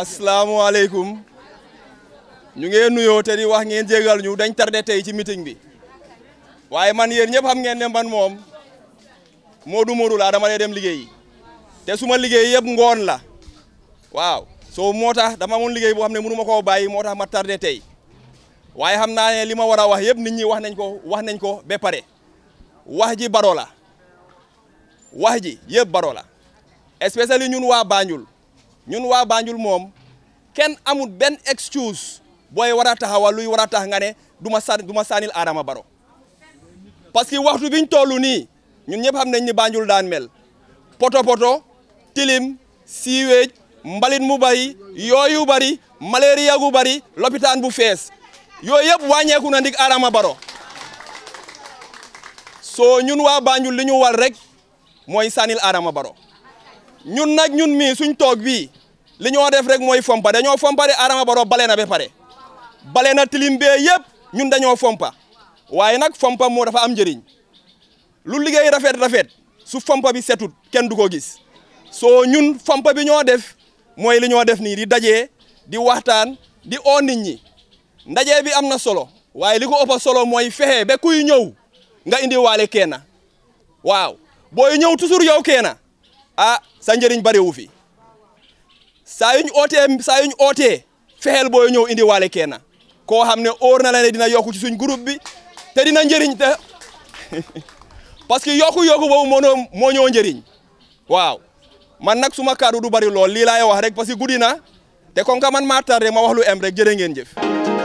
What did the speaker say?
asalaamualeykum ñu ngeen nuyoo te di wax ngeen jégal ñu dañ tardé tey ci meeting bi waaye man yéen ñëpp xam ngeen ne man moom moodu moodu laa dama lay dem liggéey te su ma liggéey yëpp ngoon la waaw soo moo tax dama amoon liggéey boo xam ne mënu ma koo bàyyi moo tax ma tardé tey waaye xam naa ne li ma war a wax yëpp nit ñi wax nañ ko wax nañ ko ba pare wax ji baro la wax ji yëpp baro la especially ñun waa baañul ñun wa Banjul mom, ken amul ben excuse boy warata a taxawal luy hangane tax nga ne du ma sa du ma arama baro. parce que waxtu biñ tolu ni ñun ñep xam nañ ni Banjul daan mel poto poto tilim siwej mbalit mu bari yubari, bari malaria gu bari lopitaan bu fess yoy yeb wañeku na ndik arama baro so ñun wa Banjul li ñu war rek moy sanil arama baro ñun nag ñun mi suñ tok bi li ñoo def rek moy fompa dañoo fompa de arama Barrow bale na ba pare bale na tilim ñun dañoo fompa waaye nag fompa mo dafa am njëriñ lu liggéey rafet rafet su fompa bi setut ken du ko gis so ñun fompa bi ñoo def moy li ñoo def ni di dajé di waxtaan di o nit ñi ndaje bi amna solo waaye liko ko solo moy fexé ba kuy ñëw nga indi walé keena waaw boy ñëw toujours yow kena a sa njëriñ barewu fi saa yuñ ootee saa yuñ ootee fexeel booy ñëw indi waale kenn koo xam ne óor na la dina yokku ci suñ groupe bi te dina njëriñ te parce que yokku yokku boobu moo moo ñoo njëriñ waaw man nag suma kaddu du bari lool lii laay wax rek parce que guddi na te kon ka man maa tardé ma wax lu em rek jërë ngeen jëf.